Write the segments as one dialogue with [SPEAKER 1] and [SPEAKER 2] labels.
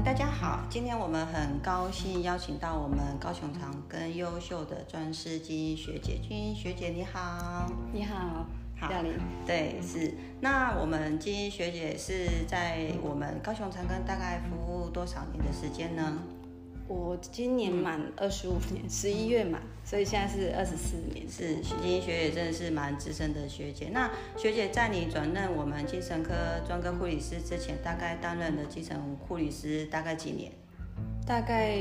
[SPEAKER 1] 嗯、大家好，今天我們很高興邀請到我們高雄長庚優秀的專師靖瑛學姐，靖瑛學姐你好，
[SPEAKER 2] 你好，
[SPEAKER 1] 好，嘉你對，是，那我們靖瑛學姐是在我們高雄長庚大概服務多少年的時間呢？我今年滿二十五年，十一月滿，所以現在是二十四年。是，徐晶晶學姐真的是蠻資深的學姐。那學姐在你轉任我們精神科專科護理師之前，大概擔任的基層護理師大概幾年？
[SPEAKER 2] 大概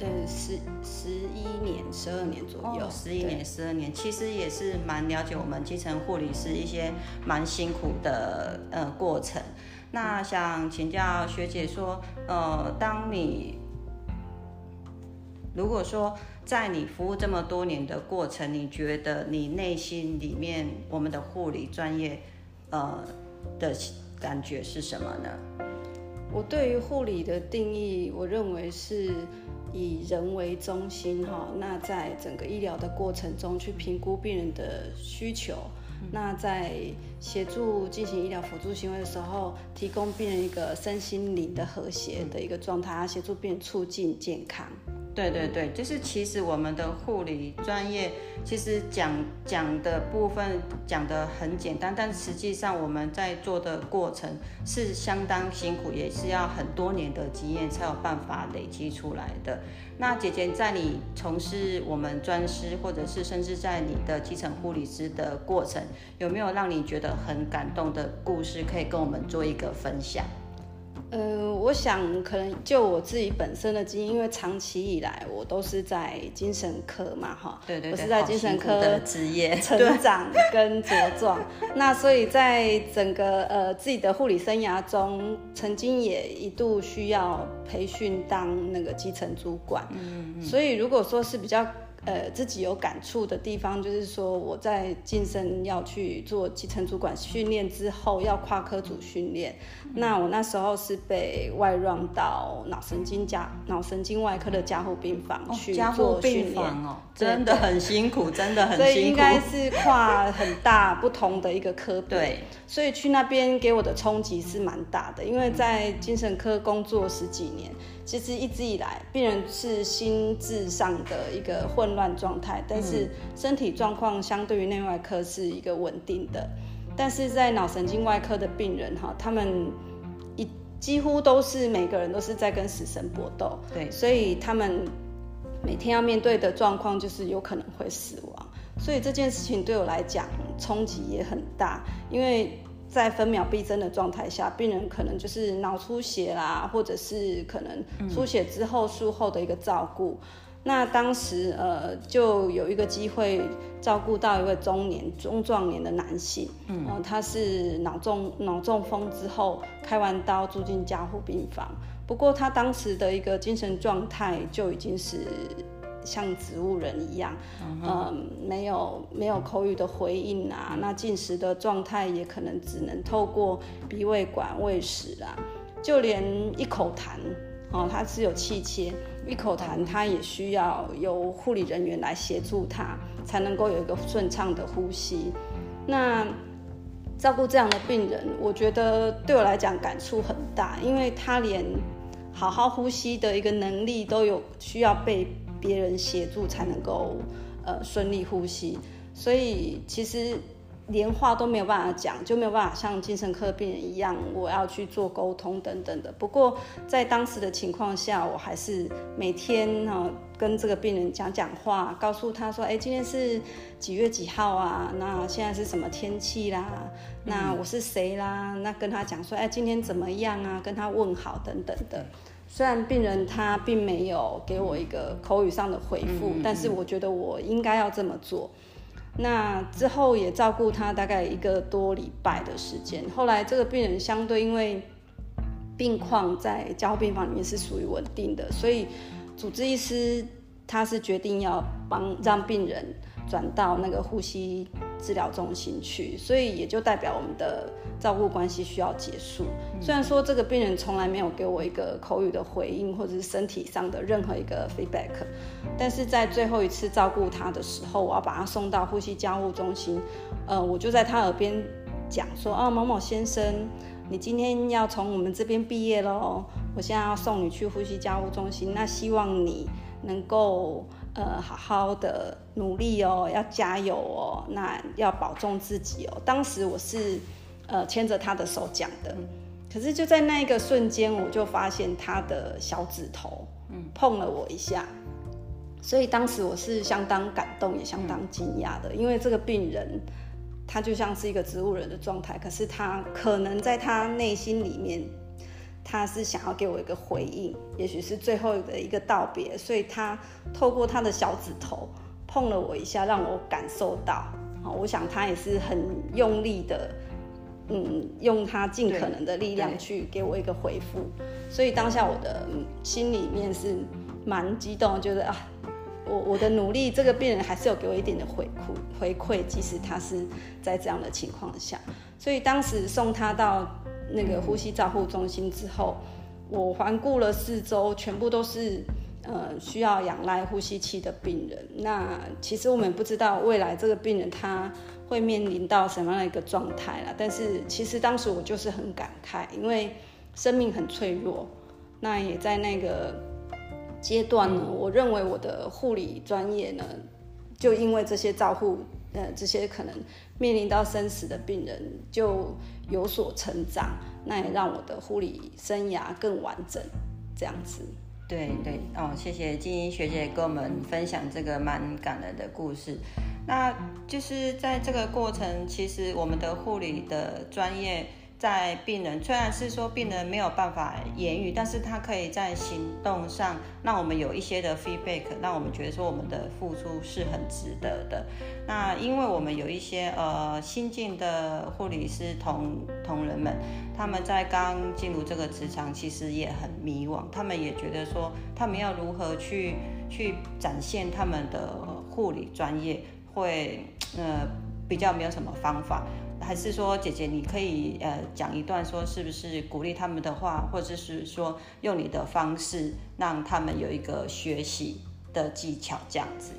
[SPEAKER 2] 呃十十一年、十二年左右，哦、十一年、
[SPEAKER 1] 十二年，其實也是蠻了解我們基層護理師一些蠻辛苦的呃過程。那想請教學姐說，呃，當你如果說在你服務這麼多年的過程，你覺得你內心裡面我們的護理專業，呃的感覺是什麼呢？
[SPEAKER 2] 我對於護理的定義，我認為是以人為中心哈、哦。那在整個醫療的過程中，去評估病人的需求，那在協助進行醫療輔助行為的時候，提供病人一個身心靈的和諧的一個狀態，協助病人促進健康。
[SPEAKER 1] 對對對，就是其實我們的護理專業，其實講講的部分講得很簡單，但實際上我們在做的過程是相當辛苦，也是要很多年的經驗才有辦法累積出來的。那姐姐在你從事我們專師，或者是甚至在你的基層護理師的過程，有沒有讓你覺得很感動的故事，可以跟我們做一個分享？
[SPEAKER 2] 呃，我想可能就我自己本身的經驗，因為長期以來我都是在精神科嘛，哈，對對、對，我是在精神科的職業成長跟茁壯，對對對 那所以在整個呃自己的護理生涯中，曾經也一度需要培訓當那個基層主管，嗯、嗯，所以如果說是比較。呃，自己有感觸的地方就是說，我在晉升要去做基層主管訓練之後，要跨科組訓練，嗯。那我那時候是被外讓到腦神經加腦神經外科的加護病房去做訓練。哦，加護病房哦對對對，真的很
[SPEAKER 1] 辛苦，真的很辛苦。 所以應該是跨
[SPEAKER 2] 很大不同的一個科別。對，所以去那邊給我的衝擊是蠻大的，因為在精神科工作十幾年，其實一直以來病人是心智上的一個混亂。亂狀態，但是身體狀況相對於內外科是一個穩定的。但是在腦神經外科的病人哈，他們一幾乎都是每個人都是在跟死神搏鬥，對，所以他們每天要面對的狀況就是有可能會死亡。所以這件事情對我來講衝擊也很大，因為在分秒必爭的狀態下，病人可能就是腦出血啦，或者是可能出血之後術後的一個照顧。嗯那當時，呃，就有一個機會照顧到一位中年、中壯年的男性，嗯，呃，他是腦中腦中風之後開完刀住進加護病房，不過他當時的一個精神狀態就已經是像植物人一樣，嗯，呃，沒有沒有口語的回應啊，嗯，那進食的狀態也可能只能透過鼻胃管餵食啊，就連一口痰。哦，他有氣切，一口痰，他也需要由護理人員來協助他，才能夠有一個順暢的呼吸。那照顧這樣的病人，我覺得對我來講感觸很大，因為他連好好呼吸的一個能力都有需要被別人協助才能夠呃順利呼吸，所以其實。連話都沒有辦法講，就沒有辦法像精神科病人一樣，我要去做溝通等等的。不過在當時的情況下，我還是每天哈跟這個病人講講話，告訴他說：“哎、欸，今天是幾月幾號啊？那現在是什麼天氣啦？那我是誰啦？那跟他講說：哎、欸，今天怎麼樣啊？跟他問好等等的。雖然病人他並沒有給我一個口語上的回復、嗯嗯嗯嗯，但是我覺得我應該要這麼做。”那之後也照顧他大概一個多禮拜的時間，後來這個病人相對因為病況在加護病房裡面是屬於穩定的，所以主治醫師他是決定要幫讓病人轉到那個呼吸。治療中心去，所以也就代表我們的照顧關係需要結束。雖然說這個病人從來沒有給我一個口語的回應，或者是身體上的任何一個 feedback，但是在最後一次照顧他的時候，我要把他送到呼吸加護中心。呃，我就在他耳邊講說：“啊，某某先生，你今天要從我們這邊畢業嘍，我現在要送你去呼吸加護中心。那希望你能夠。”呃，好好的努力哦，要加油哦，那要保重自己哦。當時我是，呃，牽着他的手講的，嗯，可是就在那一個瞬間，我就發現他的小指頭，碰了我一下，嗯，所以當時我是相當感動，也相當驚訝的，嗯，因為這個病人，他就像是一個植物人的狀態，可是他可能在他內心裡面。他是想要給我一個回應，也許是最後的一個道別，所以他透過他的小指頭碰了我一下，讓我感受到。好，我想他也是很用力的，嗯，用他盡可能的力量去給我一個回復。所以當下我的、嗯、心裡面是蠻激動，覺得啊，我我的努力，這個病人還是有給我一點的回饋回饋，即使他是在這樣的情況下。所以當時送他到。那個呼吸照護中心之後，我環顧了四周，全部都是呃需要仰賴呼吸器的病人。那其實我們不知道未來這個病人他會面臨到什麼樣的一個狀態啦。但是其實當時我就是很感慨，因為生命很脆弱。那也在那個階段呢，我認為我的護理專業呢，就因為這些照護。呃，這些可能面臨到生死的病人就有所成長，那也讓我的護理生涯更完整，這樣子。對對哦，
[SPEAKER 1] 謝謝靖瑛學姐跟我們分享這個蠻感人的故事。那就是在這個過程，其實我們的護理的專業。在病人雖然是說病人沒有辦法言語，但是他可以在行動上讓我們有一些的 feedback，讓我們覺得說我們的付出是很值得的。那因為我們有一些呃新進的護理師同同仁們，他們在剛進入這個職場，其實也很迷惘，他們也覺得說他們要如何去去展現他們的護理專業，會呃比較沒有什麼方法。還是說，姐姐，你可以呃講一段說是不是鼓勵他們的話，或者是說用你的方式讓他們有一個學習的技巧這樣子。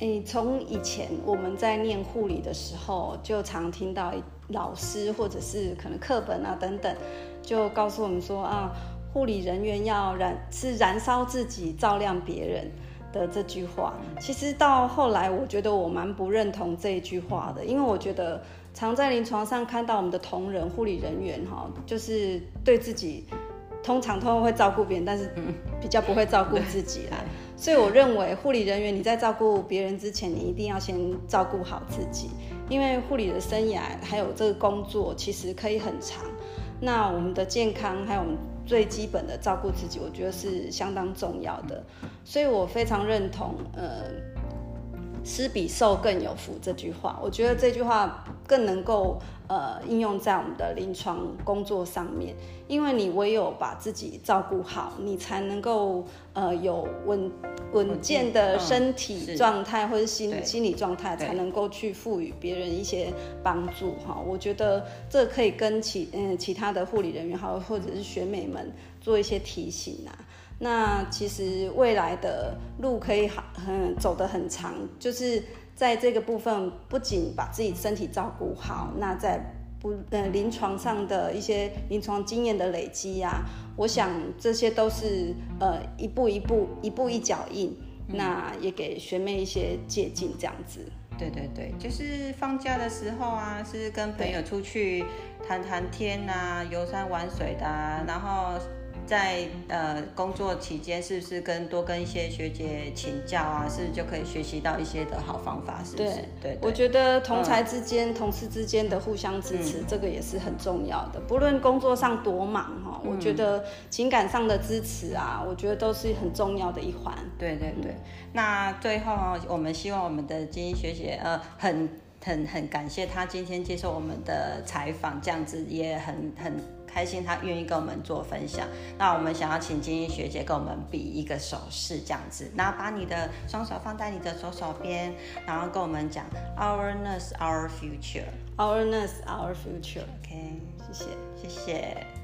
[SPEAKER 2] 誒，從以前我們在念護理的時候，就常聽到老師或者是可能課本啊等等，就告訴我們說啊，護理人員要燃，是燃燒自己，照亮別人。的這句話，其實到後來，我覺得我蠻不認同這一句話的，因為我覺得常在臨床上看到我們的同仁護理人員哈，就是對自己通常通常會照顧別人，但是比較不會照顧自己啦、嗯。所以我認為護理人員，你在照顧別人之前，你一定要先照顧好自己，因為護理的生涯還有這個工作其實可以很長，那我們的健康還有我們。最基本的照顧自己，我覺得是相當重要的，所以我非常認同。呃。施比受更有福這句話，我覺得這句話更能夠呃應用在我們的臨床工作上面，因為你唯有把自己照顧好，你才能夠呃有穩穩健的身體狀態、嗯、或者心心理狀態，才能夠去賦予別人一些幫助哈、哦。我覺得這可以跟其嗯、呃、其他的護理人員或者是學妹們做一些提醒、啊。那其實未來的路可以好很走得很長，就是在這個部分，不僅把自己身體照顧好，那在不嗯，呃，臨床上的一些臨床經驗的累積呀、啊，我想這些都是呃一步一步一步一腳印、嗯，
[SPEAKER 1] 那也
[SPEAKER 2] 給學妹一些借鑒這樣子。對對對，就是放
[SPEAKER 1] 假的時候啊，是跟朋友出去談談天吶、啊，遊山玩水的、啊，然後。在呃工作期間，是不是跟多跟一些學姐請教啊？是不是就可以學習到一些的好方法？是不是？對，對，對，對，我覺
[SPEAKER 2] 得同儕之間、嗯、同事之間的互相支持、嗯，這個也是很重要的。不論工作上多忙哈、嗯，我覺得情感上的支持啊，我覺得都是很重要的一環。對對對，、嗯、對，那最後我們希望我們的靖瑛學姐呃
[SPEAKER 1] 很。很很感謝她今天接受我們的採訪，這樣子也很很開心，她願意跟我們做分享。那我們想要請靖瑛學姐跟我們比一個手勢，這樣子，然後把你的雙手放在你的左手邊，然後跟我們講，our nurses, our future，our
[SPEAKER 2] nurses, our future，OK，future.、okay, 謝謝，謝謝。